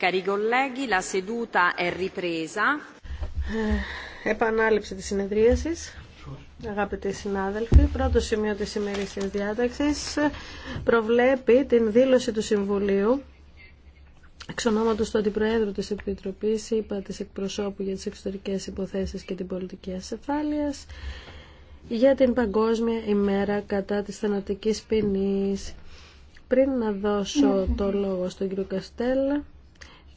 Cari colleghi, la seduta è ripresa. Ε, επανάληψη τη συνεδρίαση. Αγαπητοί συνάδελφοι, πρώτο σημείο τη σημερινή διάταξη. προβλέπει την δήλωση του Συμβουλίου εξ ονόματο του Αντιπροέδρου της Επιτροπή, είπα τη εκπροσώπου για τι εξωτερικέ υποθέσει και την πολιτική ασφάλεια για την Παγκόσμια ημέρα κατά της θανατικής ποινή. Πριν να δώσω το λόγο στον κύριο Καστέλ,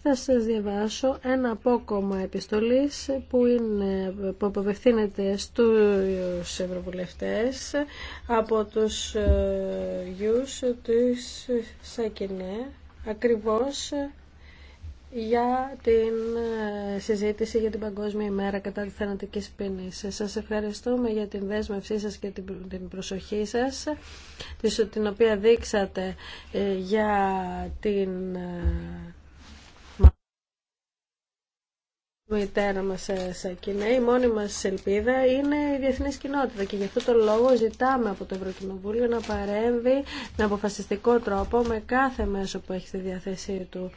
θα σας διαβάσω ένα απόκομμα επιστολής που, είναι, που απευθύνεται στους ευρωβουλευτές από τους ε, γιους της Σακινέ ακριβώς για την ε, συζήτηση για την Παγκόσμια ημέρα κατά τη θανατικής ποινής. Σας ευχαριστούμε για την δέσμευσή σας και την προσοχή σας, την οποία δείξατε ε, για την μητέρα μας σε η μόνη μας ελπίδα είναι η διεθνή κοινότητα και γι' αυτό το λόγο ζητάμε από το Ευρωκοινοβούλιο να παρέμβει με αποφασιστικό τρόπο με κάθε μέσο που έχει στη διαθέσή του.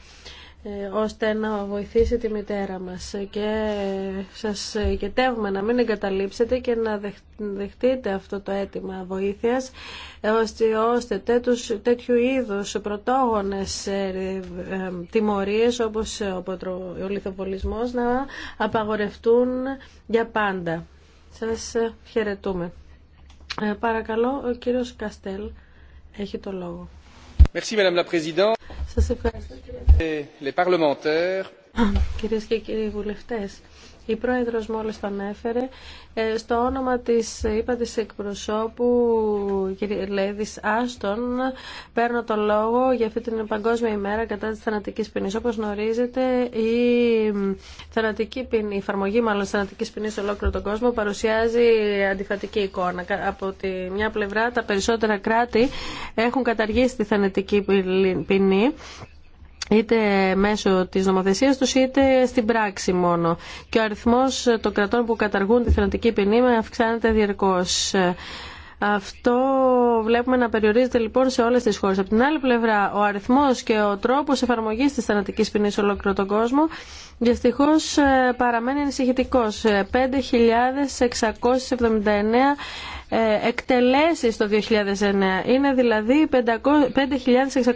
Ε, ώστε να βοηθήσει τη μητέρα μας και σας γετεύουμε να μην εγκαταλείψετε και να δεχτείτε αυτό το αίτημα βοήθειας ώστε, ώστε τέτοιου είδους πρωτόγονες ε, ε, τιμωρίες όπως ο λιθοβολισμός να απαγορευτούν για πάντα. Σας χαιρετούμε. Παρακαλώ, ο κύριος Καστέλ έχει το λόγο. Merci, Madame σας ευχαριστώ. Ε, Κυρίες και κύριοι βουλευτές, η Πρόεδρος μόλις τον έφερε ε, στο όνομα της είπα της εκπροσώπου Λέδης Άστον παίρνω το λόγο για αυτή την παγκόσμια ημέρα κατά της θανατικής ποινής. Όπως γνωρίζετε η θανατική ποινή, η εφαρμογή μάλλον της θανατικής ποινής σε ολόκληρο τον κόσμο παρουσιάζει αντιφατική εικόνα. Από τη μια πλευρά τα περισσότερα κράτη έχουν καταργήσει τη θανατική ποινή είτε μέσω της νομοθεσίας τους είτε στην πράξη μόνο. Και ο αριθμός των κρατών που καταργούν τη θενατική ποινή αυξάνεται διαρκώς. Αυτό βλέπουμε να περιορίζεται λοιπόν σε όλες τις χώρες. Από την άλλη πλευρά, ο αριθμός και ο τρόπος εφαρμογής της θανατικής ποινής σε ολόκληρο τον κόσμο Δυστυχώ ε, παραμένει ανησυχητικό. 5.679 ε, ε, εκτελέσεις το 2009. Είναι δηλαδή 5.679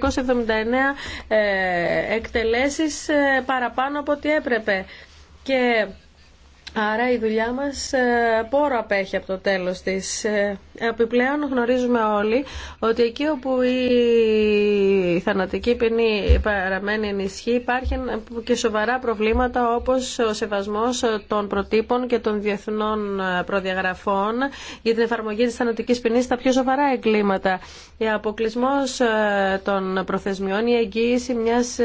ε, εκτελέσεις ε, παραπάνω από ό,τι έπρεπε. Και Άρα η δουλειά μας ε, πόρο απέχει από το τέλος της. Ε, επιπλέον γνωρίζουμε όλοι ότι εκεί όπου η θανατική ποινή παραμένει ενισχύει υπάρχουν και σοβαρά προβλήματα όπως ο σεβασμός των προτύπων και των διεθνών ε, προδιαγραφών για την εφαρμογή της θανατικής ποινής στα πιο σοβαρά εγκλήματα. Ο αποκλεισμό των προθεσμιών, η εγγύηση μιας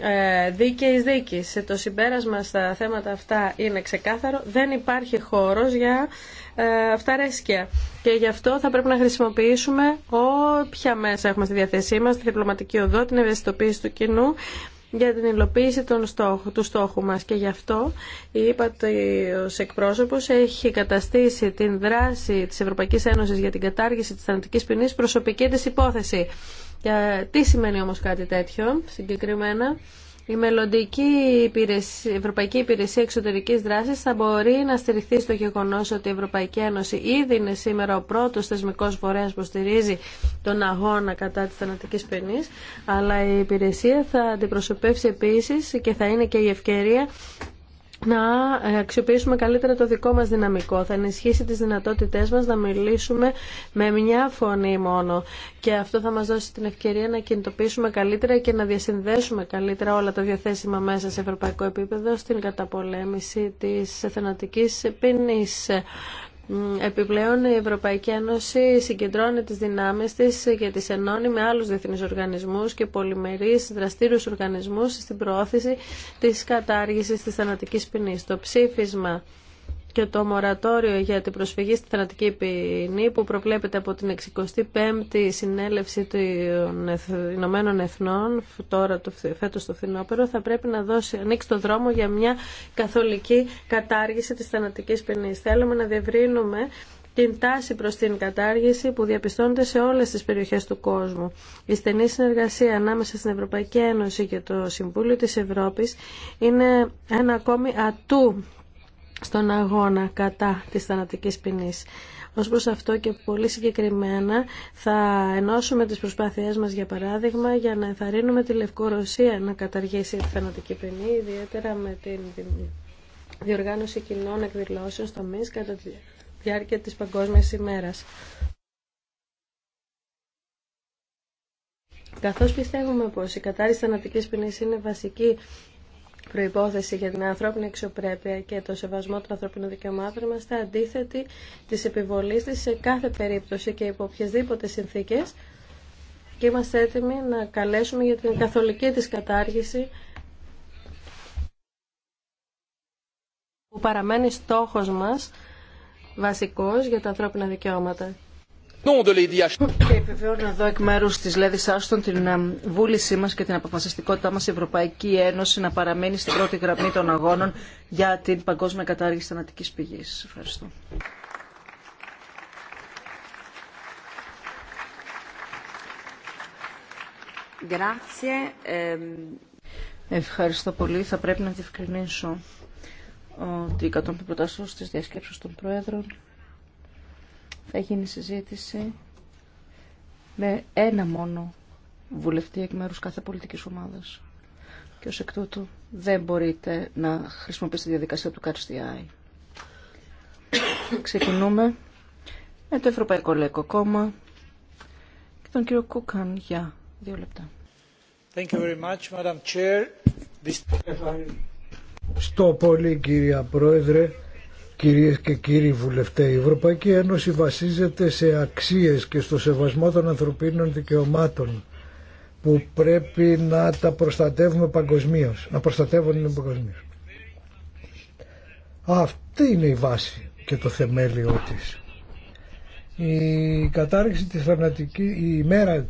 ε, Δίκη Σε Το συμπέρασμα στα θέματα αυτά είναι ξεκάθαρο. Δεν υπάρχει χώρο για ε, αυταρέσκεια. Και γι' αυτό θα πρέπει να χρησιμοποιήσουμε όποια μέσα έχουμε στη διαθέσή μα τη διπλωματική οδό, την ευαισθητοποίηση του κοινού, για την υλοποίηση των του στόχου μας και γι' αυτό η ως εκπρόσωπος έχει καταστήσει την δράση της Ευρωπαϊκής Ένωσης για την κατάργηση της θανατικής ποινής προσωπική της υπόθεση. Και τι σημαίνει όμως κάτι τέτοιο συγκεκριμένα. Η μελλοντική υπηρεσία, Ευρωπαϊκή Υπηρεσία Εξωτερική Δράση θα μπορεί να στηριχθεί στο γεγονό ότι η Ευρωπαϊκή Ένωση ήδη είναι σήμερα ο πρώτο θεσμικό φορέα που στηρίζει τον αγώνα κατά τη θανατική ποινή, αλλά η υπηρεσία θα αντιπροσωπεύσει επίση και θα είναι και η ευκαιρία να ε, αξιοποιήσουμε καλύτερα το δικό μας δυναμικό. Θα ενισχύσει τις δυνατότητές μας να μιλήσουμε με μια φωνή μόνο. Και αυτό θα μας δώσει την ευκαιρία να κινητοποιήσουμε καλύτερα και να διασυνδέσουμε καλύτερα όλα τα διαθέσιμα μέσα σε ευρωπαϊκό επίπεδο στην καταπολέμηση της θενατικής ποινής. Επιπλέον η Ευρωπαϊκή Ένωση συγκεντρώνει τις δυνάμεις της και τις ενώνει με άλλους διεθνείς οργανισμούς και πολυμερείς δραστήριους οργανισμούς στην προώθηση της κατάργησης της θανατικής ποινής. Το ψήφισμα και το μορατόριο για την προσφυγή στη θανατική ποινή που προβλέπεται από την 65η συνέλευση των Ηνωμένων Εθνών τώρα το φέτος το φθινόπωρο θα πρέπει να δώσει, ανοίξει το δρόμο για μια καθολική κατάργηση της θανατικής ποινή. Θέλουμε να διευρύνουμε την τάση προς την κατάργηση που διαπιστώνεται σε όλες τις περιοχές του κόσμου. Η στενή συνεργασία ανάμεσα στην Ευρωπαϊκή Ένωση και το Συμβούλιο της Ευρώπης είναι ένα ακόμη ατού στον αγώνα κατά της θανατικής ποινή. Ω προς αυτό και πολύ συγκεκριμένα θα ενώσουμε τις προσπάθειές μας για παράδειγμα για να ενθαρρύνουμε τη Λευκορωσία να καταργήσει τη θανατική ποινή ιδιαίτερα με την διοργάνωση κοινών εκδηλώσεων στο ΜΙΣ κατά τη διάρκεια της Παγκόσμιας ημέρας. Καθώς πιστεύουμε πως η κατάρριση θανατικής ποινής είναι βασική προϋπόθεση για την ανθρώπινη αξιοπρέπεια και το σεβασμό των ανθρώπινων δικαιωμάτων είμαστε αντίθετη της επιβολής της σε κάθε περίπτωση και υπό οποιασδήποτε συνθήκες και είμαστε έτοιμοι να καλέσουμε για την καθολική της κατάργηση που παραμένει στόχος μας βασικός για τα ανθρώπινα δικαιώματα. Και επιβεβαιώνω εδώ εκ μέρου τη Λέδη Άστον την βούλησή μα και την αποφασιστικότητά μα η Ευρωπαϊκή Ένωση να παραμείνει στην πρώτη γραμμή των αγώνων για την παγκόσμια κατάργηση θανατική πηγή. Ευχαριστώ. Ευχαριστώ πολύ. Θα πρέπει να διευκρινίσω ότι κατόπιν προτάσεω τη διασκέψη των Πρόεδρων θα γίνει συζήτηση με ένα μόνο βουλευτή εκ μέρους κάθε πολιτικής ομάδας. Και ως εκ τούτου δεν μπορείτε να χρησιμοποιήσετε τη διαδικασία του ΚΑΤΣΤΙΑΗ. Ξεκινούμε με το Ευρωπαϊκό Λαϊκό Κόμμα και τον κύριο Κούκαν για δύο λεπτά. Thank you very much, Madam Chair. This... Στο πολύ κυρία Πρόεδρε, Κυρίες και κύριοι βουλευτές, η Ευρωπαϊκή Ένωση βασίζεται σε αξίες και στο σεβασμό των ανθρωπίνων δικαιωμάτων που πρέπει να τα προστατεύουμε παγκοσμίω, να προστατεύονται παγκοσμίω. Αυτή είναι η βάση και το θεμέλιο της. Η κατάργηση της θανατικής, η ημέρα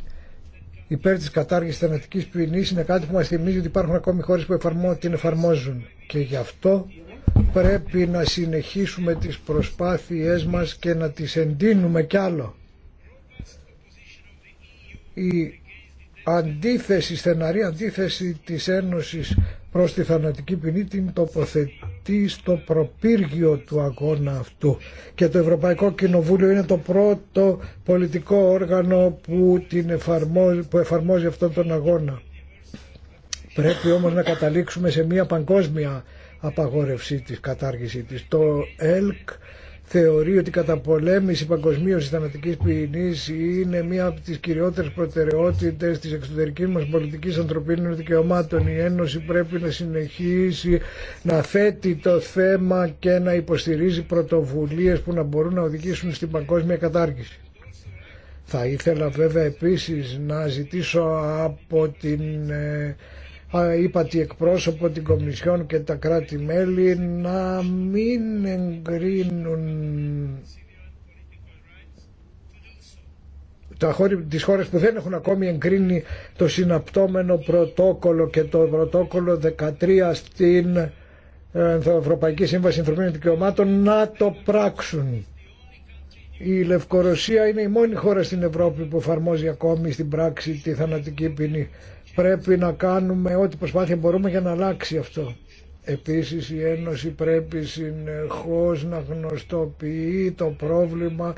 υπέρ της κατάργησης θανατικής ποινής είναι κάτι που μας θυμίζει ότι υπάρχουν ακόμη χώρες που την εφαρμόζουν και γι' αυτό πρέπει να συνεχίσουμε τις προσπάθειές μας και να τις εντείνουμε κι άλλο. Η αντίθεση, στεναρή αντίθεση της Ένωσης προς τη θανατική ποινή την τοποθετεί στο προπύργιο του αγώνα αυτού και το Ευρωπαϊκό Κοινοβούλιο είναι το πρώτο πολιτικό όργανο που, την εφαρμόζει, που εφαρμόζει αυτόν τον αγώνα. Πρέπει όμως να καταλήξουμε σε μια παγκόσμια απαγόρευσή της, κατάργησή της. Το ΕΛΚ θεωρεί ότι η καταπολέμηση παγκοσμίως της θανατικής είναι μία από τις κυριότερες προτεραιότητες της εξωτερικής μας πολιτικής ανθρωπίνων δικαιωμάτων. Η Ένωση πρέπει να συνεχίσει να θέτει το θέμα και να υποστηρίζει πρωτοβουλίες που να μπορούν να οδηγήσουν στην παγκόσμια κατάργηση. Θα ήθελα βέβαια επίσης να ζητήσω από την ε, είπα τη εκπρόσωπο την Κομισιόν και τα κράτη-μέλη να μην εγκρίνουν τα χώρι, τις χώρες που δεν έχουν ακόμη εγκρίνει το συναπτώμενο πρωτόκολλο και το πρωτόκολλο 13 στην ε, Ευρωπαϊκή Σύμβαση Ανθρωπίνων Δικαιωμάτων να το πράξουν. Η Λευκορωσία είναι η μόνη χώρα στην Ευρώπη που εφαρμόζει ακόμη στην πράξη τη θανατική ποινή πρέπει να κάνουμε ό,τι προσπάθεια μπορούμε για να αλλάξει αυτό. Επίσης η Ένωση πρέπει συνεχώς να γνωστοποιεί το πρόβλημα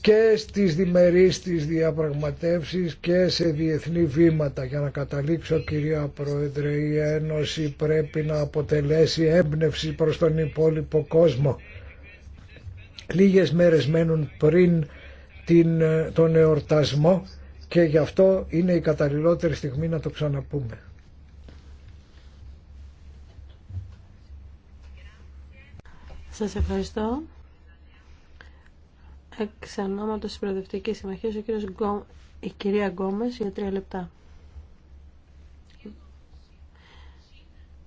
και στις διμερείς της διαπραγματεύσεις και σε διεθνή βήματα. Για να καταλήξω κυρία Πρόεδρε, η Ένωση πρέπει να αποτελέσει έμπνευση προς τον υπόλοιπο κόσμο. Λίγες μέρες μένουν πριν την, τον εορτασμό και γι' αυτό είναι η καταλληλότερη στιγμή να το ξαναπούμε. Σας ευχαριστώ. Εξ ονόματος της Προοδευτικής Συμμαχίας, ο κύριος η κυρία Γκόμες για τρία λεπτά.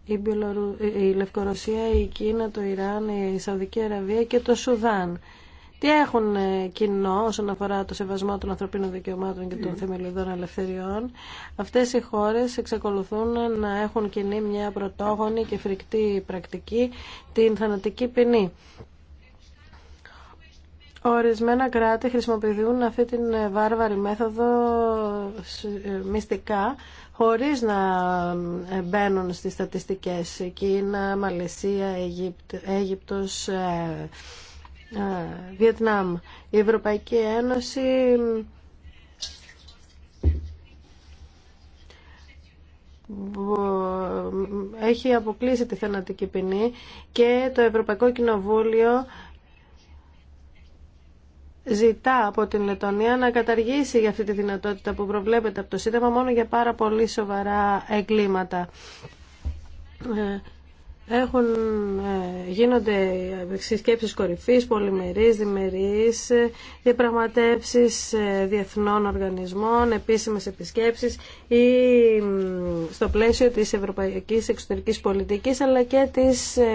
Η, Μπιλορου... η Λευκορωσία, η Κίνα, το Ιράν, η Σαουδική Αραβία και το Σουδάν τι έχουν ε, κοινό όσον αφορά το σεβασμό των ανθρωπίνων δικαιωμάτων και των θεμελιωδών ελευθεριών. Αυτές οι χώρες εξακολουθούν να έχουν κοινή μια πρωτόγονη και φρικτή πρακτική, την θανατική ποινή. Ορισμένα κράτη χρησιμοποιούν αυτή την ε, βάρβαρη μέθοδο ε, μυστικά, χωρίς να μπαίνουν στις στατιστικές. Κίνα, Μαλαισία, Αίγυπτος, Βιετνάμ. Η Ευρωπαϊκή Ένωση έχει αποκλείσει τη θενατική ποινή και το Ευρωπαϊκό Κοινοβούλιο ζητά από την Λετωνία να καταργήσει για αυτή τη δυνατότητα που προβλέπεται από το Σύνταγμα μόνο για πάρα πολύ σοβαρά εγκλήματα. Ε, έχουν, ε, γίνονται συσκέψεις κορυφής, πολυμερείς, διμερεί, διαπραγματεύσεις ε, διεθνών οργανισμών, επίσημες επισκέψεις ή στο πλαίσιο της ευρωπαϊκής εξωτερικής πολιτικής αλλά και της ε,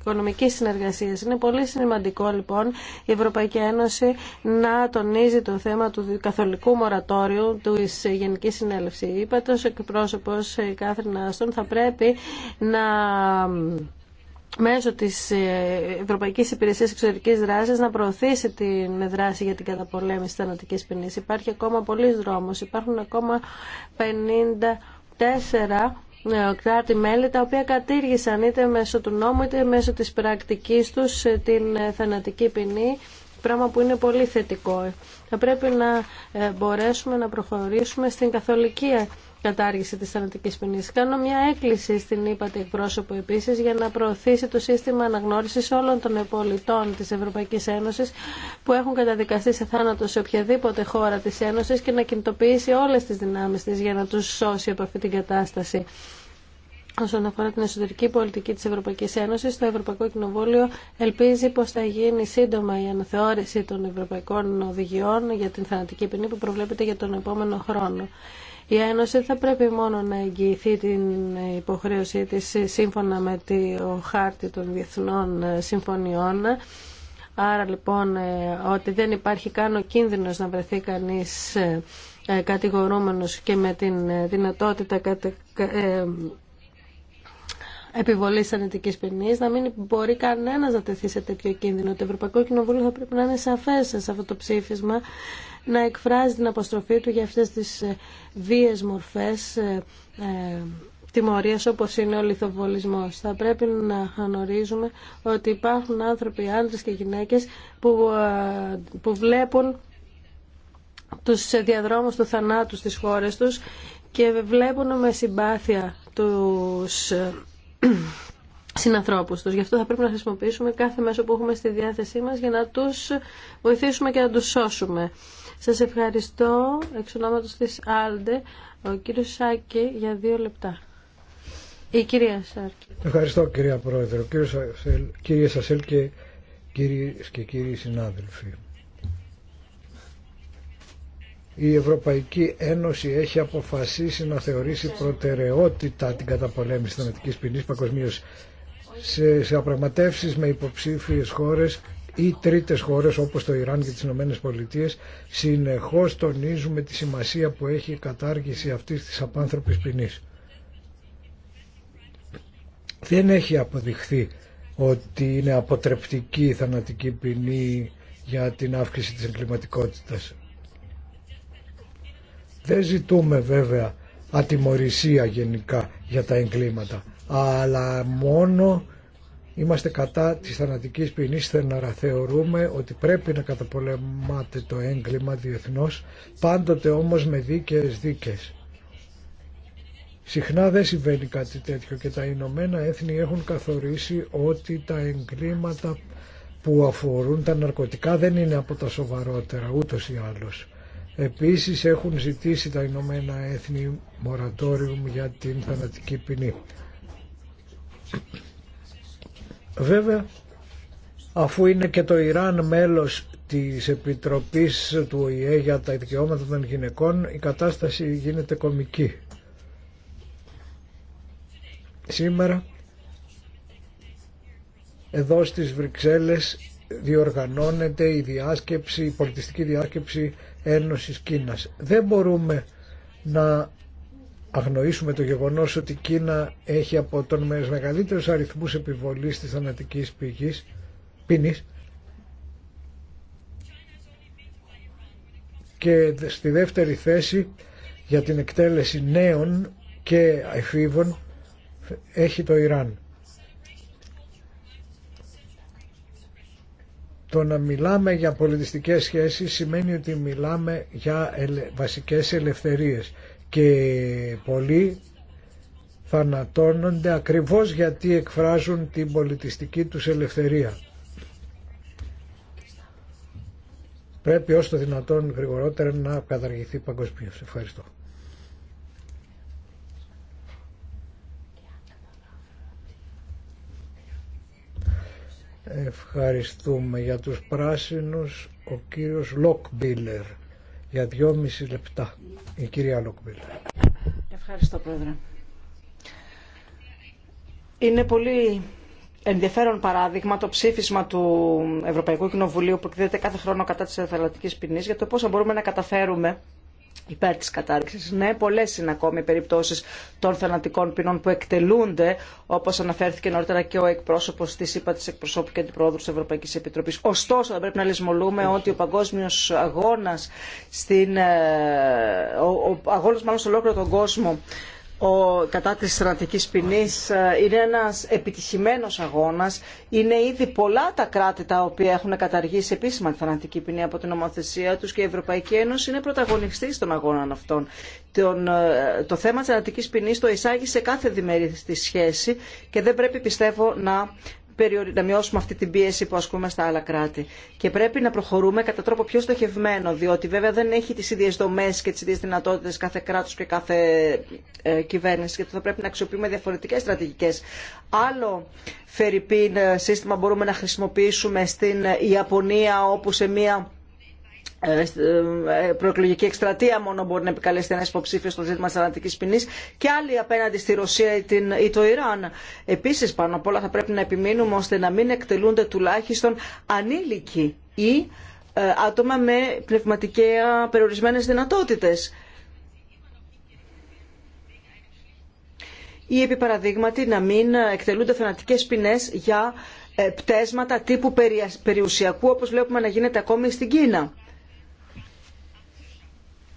οικονομικής συνεργασίας. Είναι πολύ σημαντικό λοιπόν η Ευρωπαϊκή Ένωση να τονίζει το θέμα του καθολικού μορατόριου του Γενικής Συνέλευσης. Είπατε εκπρόσωπος η Κάθρινα Αστών θα πρέπει να μέσω της ε, Ευρωπαϊκής Υπηρεσίας Εξωτερικής Δράσης να προωθήσει την δράση για την καταπολέμηση της θανατικής ποινής. Υπάρχει ακόμα πολλής δρόμος. Υπάρχουν ακόμα 54 ε, κράτη-μέλη τα οποία κατήργησαν είτε μέσω του νόμου είτε μέσω της πρακτικής τους ε, την θανατική ποινή πράγμα που είναι πολύ θετικό. Θα πρέπει να μπορέσουμε να προχωρήσουμε στην καθολική κατάργηση της θανατικής ποινής. Κάνω μια έκκληση στην ύπατη εκπρόσωπο επίσης για να προωθήσει το σύστημα αναγνώρισης όλων των πολιτών της Ευρωπαϊκής Ένωσης που έχουν καταδικαστεί σε θάνατο σε οποιαδήποτε χώρα της Ένωσης και να κινητοποιήσει όλες τις δυνάμεις της για να τους σώσει από αυτή την κατάσταση. Όσον αφορά την εσωτερική πολιτική της Ευρωπαϊκής Ένωσης, το Ευρωπαϊκό Κοινοβούλιο ελπίζει πως θα γίνει σύντομα η αναθεώρηση των ευρωπαϊκών οδηγιών για την θανατική ποινή που προβλέπεται για τον επόμενο χρόνο. Η Ένωση θα πρέπει μόνο να εγγυηθεί την υποχρέωσή της σύμφωνα με το χάρτη των διεθνών ε, συμφωνιών. Άρα λοιπόν ε, ότι δεν υπάρχει καν ο κίνδυνος να βρεθεί κανείς ε, κατηγορούμενος και με την δυνατότητα επιβολή ανετική ποινή, να μην μπορεί κανένα να τεθεί σε τέτοιο κίνδυνο. Το Ευρωπαϊκό Κοινοβούλιο θα πρέπει να είναι σαφέ σε αυτό το ψήφισμα να εκφράζει την αποστροφή του για αυτές τις ε, βίες μορφές ε, ε, τιμωρίας όπως είναι ο λιθοβολισμός. Θα πρέπει να γνωρίζουμε ότι υπάρχουν άνθρωποι, άντρες και γυναίκες που, που βλέπουν τους διαδρόμους του θανάτου στις χώρες τους και βλέπουν με συμπάθεια τους συνανθρώπους τους. Γι' αυτό θα πρέπει να χρησιμοποιήσουμε κάθε μέσο που έχουμε στη διάθεσή μας για να τους βοηθήσουμε και να τους σώσουμε. Σας ευχαριστώ εξ ονόματος της Άλντε, ο κύριος Σάκη για δύο λεπτά. Η κυρία Σάκη. Ευχαριστώ κυρία Πρόεδρε, κύριε Σασέλ και κυρίες και κύριοι συνάδελφοι. Η Ευρωπαϊκή Ένωση έχει αποφασίσει να θεωρήσει προτεραιότητα την καταπολέμηση της θεματικής ποινής παγκοσμίω σε, σε με υποψήφιες χώρες ή τρίτες χώρες όπως το Ιράν και τις Ηνωμένες Πολιτείες συνεχώς τονίζουμε τη σημασία που έχει η κατάργηση αυτής της απάνθρωπης ποινή. Δεν έχει αποδειχθεί ότι είναι αποτρεπτική η θανατική ποινή για την αύξηση της εγκληματικότητας. Δεν ζητούμε βέβαια ατιμορρησία γενικά για τα εγκλήματα, αλλά μόνο Είμαστε κατά της θανατικής ποινής στεναρα. Θεωρούμε ότι πρέπει να καταπολεμάται το έγκλημα διεθνώ πάντοτε όμως με δίκαιε δίκες. Συχνά δεν συμβαίνει κάτι τέτοιο και τα Ηνωμένα Έθνη έχουν καθορίσει ότι τα εγκλήματα που αφορούν τα ναρκωτικά δεν είναι από τα σοβαρότερα ούτως ή άλλως. Επίσης έχουν ζητήσει τα Ηνωμένα Έθνη μορατόριου για την θανατική ποινή. Βέβαια, αφού είναι και το Ιράν μέλος της Επιτροπής του ΟΗΕ για τα δικαιώματα των γυναικών, η κατάσταση γίνεται κομική. Σήμερα, εδώ στις Βρυξέλλες, διοργανώνεται η, διάσκεψη, η πολιτιστική διάσκεψη Ένωσης Κίνας. Δεν μπορούμε να αγνοήσουμε το γεγονός ότι η Κίνα έχει από τον μεγαλύτερους αριθμούς επιβολής της θανατικής πηγής, πίνης και στη δεύτερη θέση για την εκτέλεση νέων και εφήβων έχει το Ιράν. Το να μιλάμε για πολιτιστικές σχέσεις σημαίνει ότι μιλάμε για βασικές ελευθερίες και πολλοί θανατώνονται ακριβώς γιατί εκφράζουν την πολιτιστική τους ελευθερία. Πρέπει όσο το δυνατόν γρηγορότερα να καταργηθεί παγκοσμίω. Ευχαριστώ. Ευχαριστούμε για τους πράσινους ο κύριος Λοκμπίλερ για δυόμιση λεπτά. Η κυρία Λόκμπιλ. Ευχαριστώ πρόεδρε. Είναι πολύ ενδιαφέρον παράδειγμα το ψήφισμα του Ευρωπαϊκού Κοινοβουλίου που εκδίδεται κάθε χρόνο κατά της εθελοντικής ποινής για το πόσο μπορούμε να καταφέρουμε υπέρ της κατάρριξη. Ναι, πολλές είναι ακόμη οι περιπτώσεις των θανατικών ποινών που εκτελούνται, όπως αναφέρθηκε νωρίτερα και ο εκπρόσωπος της ΥΠΑ της εκπροσώπου και πρόεδρος της Ευρωπαϊκής Επιτροπής. Ωστόσο, θα πρέπει να λησμολούμε ότι ο παγκόσμιος αγώνας, στην, ε, ο, ο αγώνας μάλλον σε ολόκληρο τον κόσμο, ο, κατά της στρατικής ποινής ε, είναι ένας επιτυχημένος αγώνας. Είναι ήδη πολλά τα κράτη τα οποία έχουν καταργήσει επίσημα τη θανατική ποινή από την νομοθεσία τους και η Ευρωπαϊκή Ένωση είναι πρωταγωνιστής των αγώνων αυτών. Τον, ε, το θέμα της θανατικής ποινής το εισάγει σε κάθε διμερή σχέση και δεν πρέπει πιστεύω να να μειώσουμε αυτή την πίεση που ασκούμε στα άλλα κράτη. Και πρέπει να προχωρούμε κατά τρόπο πιο στοχευμένο, διότι βέβαια δεν έχει τι ίδιε δομέ και τι ίδιε δυνατότητε κάθε κράτο και κάθε ε, κυβέρνηση. Και θα πρέπει να αξιοποιούμε διαφορετικέ στρατηγικέ. Άλλο φερρυπίν ε, σύστημα μπορούμε να χρησιμοποιήσουμε στην ε, Ιαπωνία, όπου σε μία ε, ε, προεκλογική εκστρατεία μόνο μπορεί να επικαλέσει ένα υποψήφιο στο ζήτημα τη θανατική ποινή και άλλοι απέναντι στη Ρωσία ή, την, το Ιράν. Επίση, πάνω απ' όλα θα πρέπει να επιμείνουμε ώστε να μην εκτελούνται τουλάχιστον ανήλικοι ή ε, άτομα με πνευματικά περιορισμένε δυνατότητε. Ή επί παραδείγματι να μην εκτελούνται θανατικές ποινές για πτέσματα τύπου περιουσιακού όπως βλέπουμε να γίνεται ακόμη στην Κίνα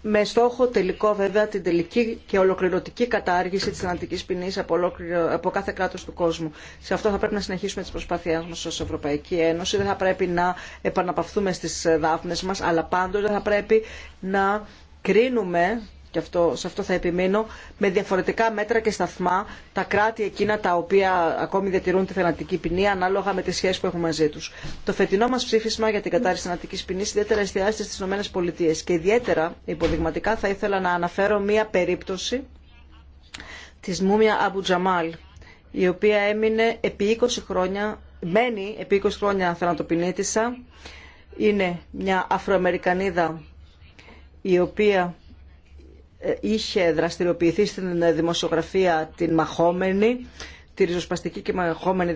με στόχο τελικό βέβαια την τελική και ολοκληρωτική κατάργηση της θανατικής ποινής από, από κάθε κράτος του κόσμου. Σε αυτό θα πρέπει να συνεχίσουμε τις προσπάθειές μας ως Ευρωπαϊκή Ένωση. Δεν θα πρέπει να επαναπαυθούμε στις δάφνες μας, αλλά πάντως δεν θα πρέπει να κρίνουμε και αυτό, σε αυτό θα επιμείνω, με διαφορετικά μέτρα και σταθμά τα κράτη εκείνα τα οποία ακόμη διατηρούν τη θενατική ποινή ανάλογα με τις σχέσει που έχουν μαζί του. Το φετινό μα ψήφισμα για την κατάρρηση θενατική ποινή ιδιαίτερα εστιάζεται στι ΗΠΑ και ιδιαίτερα υποδειγματικά θα ήθελα να αναφέρω μία περίπτωση τη Μούμια Αμπουτζαμάλ, η οποία έμεινε επί 20 χρόνια, μένει επί 20 χρόνια θανατοπινίτησα. Είναι μια Αφροαμερικανίδα η οποια εμεινε επι 20 χρονια μενει επι 20 χρονια θενατοποινητησα ειναι μια αφροαμερικανιδα η οποια είχε δραστηριοποιηθεί στην δημοσιογραφία την μαχόμενη, τη ριζοσπαστική και μαχόμενη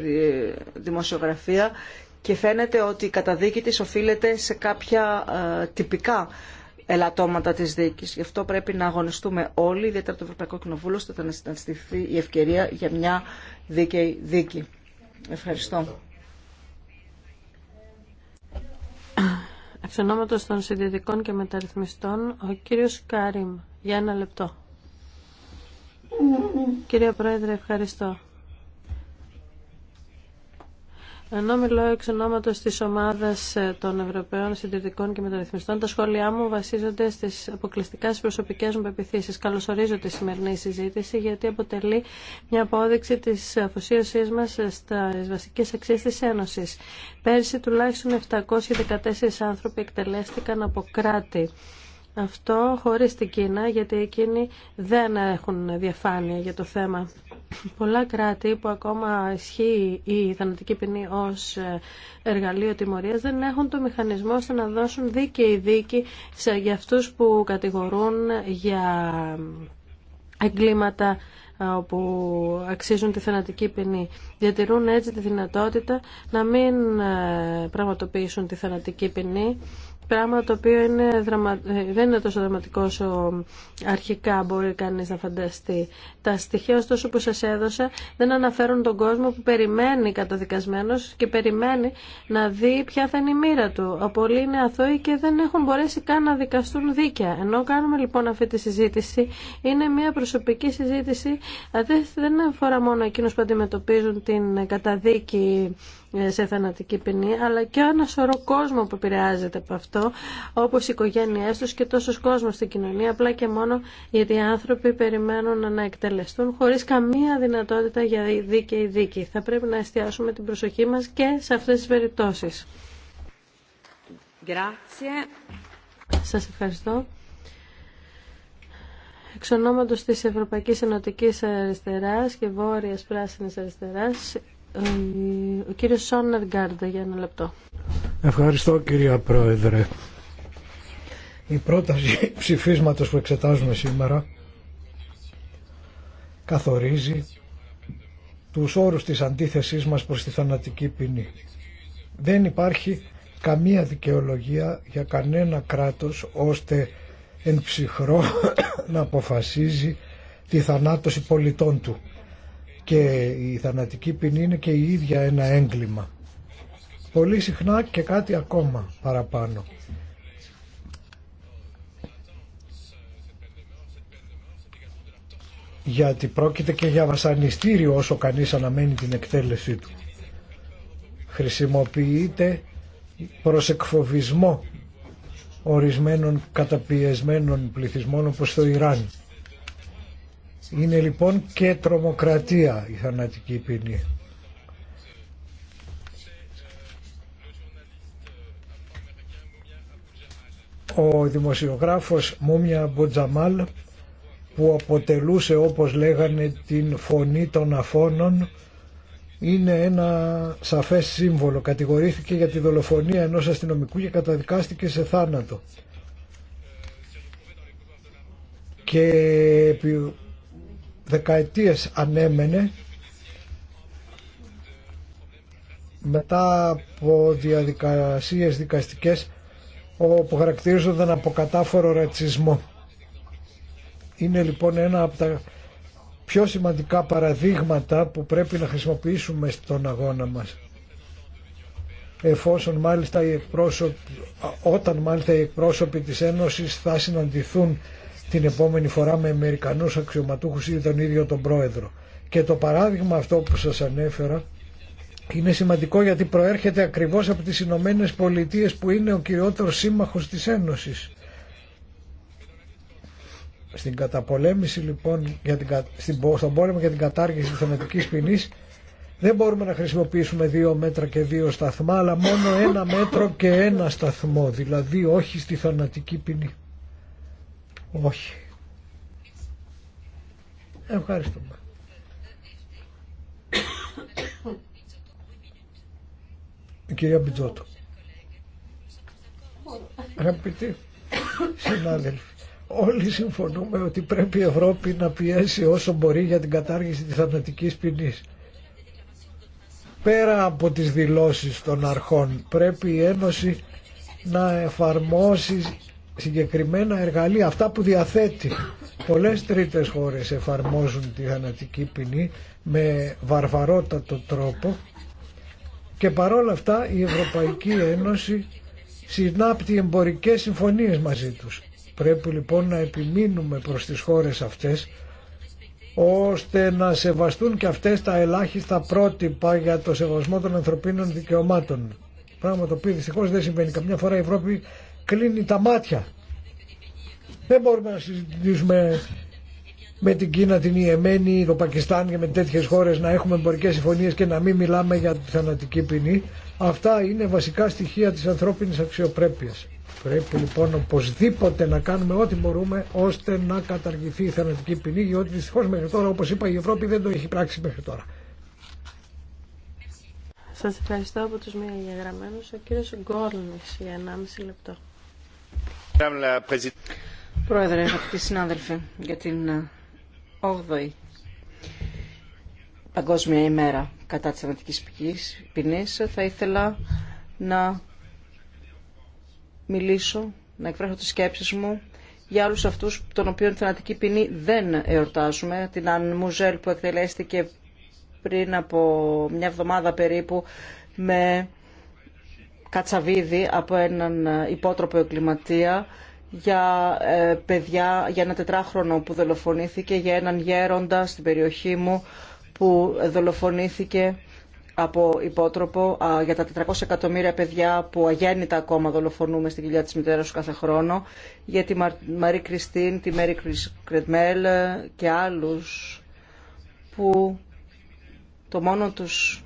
δημοσιογραφία και φαίνεται ότι η καταδίκη της οφείλεται σε κάποια ε, τυπικά ελαττώματα της δίκης. Γι' αυτό πρέπει να αγωνιστούμε όλοι, ιδιαίτερα το Ευρωπαϊκό Κοινοβούλιο, ώστε να συναντηθεί η ευκαιρία για μια δίκαιη δίκη. Ευχαριστώ. Εξ ονόματος των συντηρητικών και μεταρρυθμιστών, ο κύριος Κάριμ. Για ένα λεπτό. Mm-hmm. Κύριε Πρόεδρε, ευχαριστώ. Ενώ μιλώ εξ ονόματο τη ομάδα ε, των Ευρωπαίων Συντηρητικών και Μεταρρυθμιστών, τα σχόλιά μου βασίζονται στι αποκλειστικά στι προσωπικέ μου πεπιθήσει. Καλωσορίζω τη σημερινή συζήτηση, γιατί αποτελεί μια απόδειξη τη αφοσίωσή μα ε, στι βασικέ αξίε τη Ένωση. Πέρσι, τουλάχιστον 714 άνθρωποι εκτελέστηκαν από κράτη αυτό χωρίς την Κίνα, γιατί εκείνοι δεν έχουν διαφάνεια για το θέμα. Πολλά κράτη που ακόμα ισχύει η θανατική ποινή ως ε, εργαλείο τιμωρίας δεν έχουν το μηχανισμό ώστε να δώσουν δίκαιη δίκη για αυτούς που κατηγορούν για ε, εγκλήματα ε, που αξίζουν τη θανατική ποινή. Διατηρούν έτσι τη δυνατότητα να μην πραγματοποιήσουν τη θανατική ποινή Πράγμα το οποίο είναι ε, δεν είναι τόσο δραματικό όσο αρχικά μπορεί κανείς να φανταστεί. Τα στοιχεία ωστόσο που σας έδωσα δεν αναφέρουν τον κόσμο που περιμένει καταδικασμένος και περιμένει να δει ποια θα είναι η μοίρα του. Πολλοί είναι αθώοι και δεν έχουν μπορέσει καν να δικαστούν δίκαια. Ενώ κάνουμε λοιπόν αυτή τη συζήτηση, είναι μια προσωπική συζήτηση, δεν αφορά μόνο εκείνους που αντιμετωπίζουν την καταδίκη σε θανατική ποινή, αλλά και ένα σωρό κόσμο που επηρεάζεται από αυτό, όπως οι οικογένειέ του και τόσος κόσμος στην κοινωνία, απλά και μόνο γιατί οι άνθρωποι περιμένουν να εκτελεστούν χωρίς καμία δυνατότητα για δίκαιη δίκη. Θα πρέπει να εστιάσουμε την προσοχή μας και σε αυτές τις περιπτώσεις. Grazie. ευχαριστώ. Εξ ονόματος της Ευρωπαϊκής Ενωτικής Αριστεράς και Βόρειας Πράσινης Αριστεράς, ε, ο κύριος για ένα λεπτό. Ευχαριστώ κυρία Πρόεδρε. Η πρόταση ψηφίσματος που εξετάζουμε σήμερα καθορίζει τους όρους της αντίθεσής μας προς τη θανατική ποινή. Δεν υπάρχει καμία δικαιολογία για κανένα κράτος ώστε εν ψυχρό να αποφασίζει τη θανάτωση πολιτών του και η θανατική ποινή είναι και η ίδια ένα έγκλημα. Πολύ συχνά και κάτι ακόμα παραπάνω. γιατί πρόκειται και για βασανιστήριο όσο κανείς αναμένει την εκτέλεσή του. Χρησιμοποιείται προς εκφοβισμό ορισμένων καταπιεσμένων πληθυσμών όπως το Ιράν. Είναι λοιπόν και τρομοκρατία η θανατική ποινή. Ο δημοσιογράφος Μούμια Μποτζαμάλ που αποτελούσε όπως λέγανε την φωνή των αφώνων είναι ένα σαφές σύμβολο. Κατηγορήθηκε για τη δολοφονία ενός αστυνομικού και καταδικάστηκε σε θάνατο. Και δεκαετίες ανέμενε μετά από διαδικασίες δικαστικές όπου χαρακτηρίζονταν από κατάφορο ρατσισμό. Είναι λοιπόν ένα από τα πιο σημαντικά παραδείγματα που πρέπει να χρησιμοποιήσουμε στον αγώνα μας. Εφόσον μάλιστα οι εκπρόσωποι, όταν μάλιστα οι εκπρόσωποι της Ένωσης θα συναντηθούν την επόμενη φορά με Αμερικανούς αξιωματούχους ή τον ίδιο τον πρόεδρο. Και το παράδειγμα αυτό που σας ανέφερα είναι σημαντικό γιατί προέρχεται ακριβώς από τις Ηνωμένε Πολιτείε που είναι ο κυριότερος σύμμαχος της Ένωσης. Στην καταπολέμηση λοιπόν, για την, στον πόλεμο για την κατάργηση της θανατικής ποινή, δεν μπορούμε να χρησιμοποιήσουμε δύο μέτρα και δύο σταθμά αλλά μόνο ένα μέτρο και ένα σταθμό δηλαδή όχι στη θανατική ποινή. Όχι. Ευχαριστούμε. Η κυρία Μπιτζότο. Αγαπητοί συνάδελφοι, όλοι συμφωνούμε ότι πρέπει η Ευρώπη να πιέσει όσο μπορεί για την κατάργηση της θανατικής ποινής. Πέρα από τις δηλώσεις των αρχών πρέπει η Ένωση να εφαρμόσει συγκεκριμένα εργαλεία, αυτά που διαθέτει. Πολλές τρίτες χώρες εφαρμόζουν τη θανατική ποινή με βαρβαρότατο τρόπο και παρόλα αυτά η Ευρωπαϊκή Ένωση συνάπτει εμπορικές συμφωνίες μαζί τους. Πρέπει λοιπόν να επιμείνουμε προς τις χώρες αυτές ώστε να σεβαστούν και αυτές τα ελάχιστα πρότυπα για το σεβασμό των ανθρωπίνων δικαιωμάτων. Πράγμα το οποίο δυστυχώς δεν συμβαίνει. Καμιά φορά η Ευρώπη κλείνει τα μάτια. Δεν μπορούμε να συζητήσουμε με την Κίνα, την Ιεμένη, το Πακιστάν και με τέτοιε χώρε να έχουμε εμπορικέ συμφωνίε και να μην μιλάμε για τη θανατική ποινή. Αυτά είναι βασικά στοιχεία τη ανθρώπινη αξιοπρέπεια. Πρέπει λοιπόν οπωσδήποτε να κάνουμε ό,τι μπορούμε ώστε να καταργηθεί η θανατική ποινή, διότι δυστυχώ μέχρι τώρα, όπω είπα, η Ευρώπη δεν το έχει πράξει μέχρι τώρα. Σα ευχαριστώ από του μη εγγεγραμμένου. Ο κύριο Γκόρνη για 1,5 λεπτό. Πρόεδρε, αγαπητοί συνάδελφοι, για την 8η ε, Παγκόσμια ημέρα κατά της θανατικής ποινής θα ήθελα να μιλήσω, να εκφράσω τις σκέψεις μου για όλους αυτούς των οποίων θανατική ποινή δεν εορτάζουμε. Την Αν Μουζέλ που εκτελέστηκε πριν από μια εβδομάδα περίπου με Κατσαβίδη από έναν ε, υπότροπο εγκληματία για ε, παιδιά, για ένα τετράχρονο που δολοφονήθηκε, για έναν γέροντα στην περιοχή μου που δολοφονήθηκε από υπότροπο για τα 400 εκατομμύρια παιδιά που αγέννητα ακόμα δολοφονούμε στην κοιλιά της μητέρας σου κάθε χρόνο, για τη Μαρή Κριστίν, τη Μέρη Κρετμέλ ε, και άλλους που το μόνο τους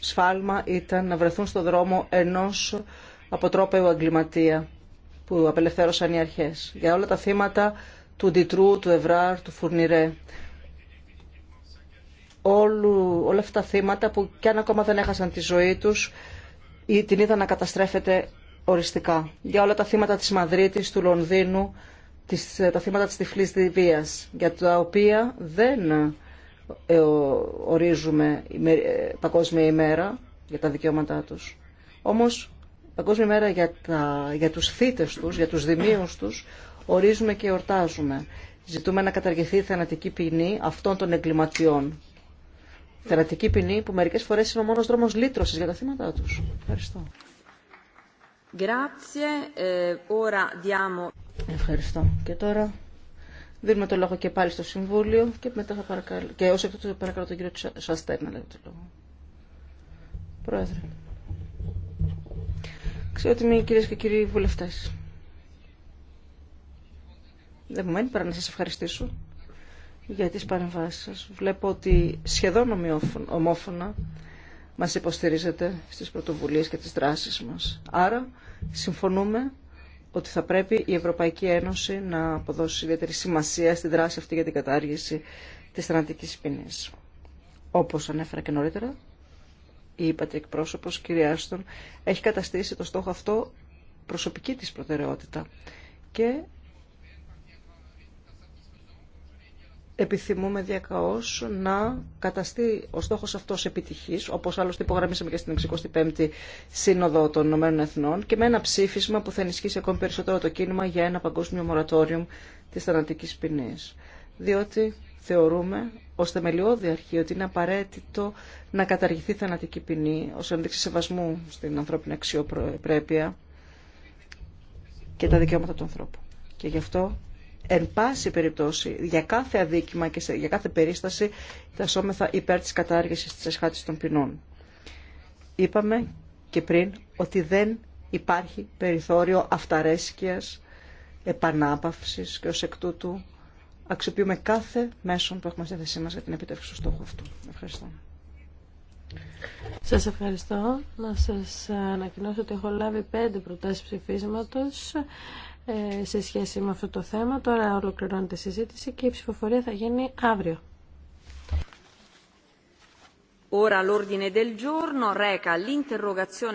σφάλμα ήταν να βρεθούν στο δρόμο ενός αποτρόπαιου εγκληματία που απελευθέρωσαν οι αρχές. Για όλα τα θύματα του Ντιτρού, του Ευράρ, του Φουρνιρέ. Όλου, όλα αυτά τα θύματα που κι αν ακόμα δεν έχασαν τη ζωή τους ή την είδαν να καταστρέφεται οριστικά. Για όλα τα θύματα της Μαδρίτης, του Λονδίνου, τα θύματα της τυφλής Διβίας, για τα οποία δεν ε, ορίζουμε ε, παγκόσμια ημέρα για τα δικαιώματά τους. Όμως, παγκόσμια ημέρα για, τα, για τους θύτες τους, για τους δημίους τους, ορίζουμε και εορτάζουμε. Ζητούμε να καταργηθεί η θανατική ποινή αυτών των εγκληματιών. Θανατική ποινή που μερικές φορές είναι ο μόνος δρόμος λύτρωσης για τα θύματα τους. Ευχαριστώ. Ε, Ευχαριστώ. Και τώρα Δίνουμε το λόγο και πάλι στο Συμβούλιο και μετά θα παρακαλώ. Και ω εκ τούτου παρακαλώ τον κύριο Σαστέρ να λέει το λόγο. Πρόεδρε. Ξέρω ότι είμαι κυρίε και κύριοι βουλευτέ. Δεν μου μένει παρά να σα ευχαριστήσω για τι παρεμβάσει σα. Βλέπω ότι σχεδόν ομόφωνα μα υποστηρίζετε στι πρωτοβουλίε και τι δράσει μα. Άρα συμφωνούμε ότι θα πρέπει η Ευρωπαϊκή Ένωση να αποδώσει ιδιαίτερη σημασία στη δράση αυτή για την κατάργηση της θανατικής ποινής. Όπως ανέφερα και νωρίτερα, η είπατε εκπρόσωπος, κυρία Άστον, έχει καταστήσει το στόχο αυτό προσωπική της προτεραιότητα και επιθυμούμε διακαώς να καταστεί ο στόχος αυτός επιτυχής, όπως άλλωστε υπογραμμίσαμε και στην 65η Σύνοδο των Ηνωμένων Εθνών, και με ένα ψήφισμα που θα ενισχύσει ακόμη περισσότερο το κίνημα για ένα παγκόσμιο μορατόριο της θανατικής ποινή. Διότι θεωρούμε ω θεμελιώδη αρχή ότι είναι απαραίτητο να καταργηθεί θανατική ποινή ως ένδειξη σεβασμού στην ανθρώπινη αξιοπρέπεια και τα δικαιώματα του ανθρώπου. Και γι' αυτό εν πάση περιπτώσει για κάθε αδίκημα και για κάθε περίσταση σώμεθα υπέρ της κατάργησης της εσχάτης των ποινών. Είπαμε και πριν ότι δεν υπάρχει περιθώριο αυταρέσκειας, επανάπαυσης και ως εκ τούτου αξιοποιούμε κάθε μέσο που έχουμε στη θέση μας για την επιτεύξη του στόχου αυτού. Ευχαριστώ. Σας ευχαριστώ. Να σας ανακοινώσω ότι έχω λάβει πέντε προτάσεις ψηφίσματος. Ε, σε σχέση με αυτό το θέμα. Τώρα ολοκληρώνεται η συζήτηση και η ψηφοφορία θα γίνει αύριο. Ora l'ordine del giorno reca l'interrogazione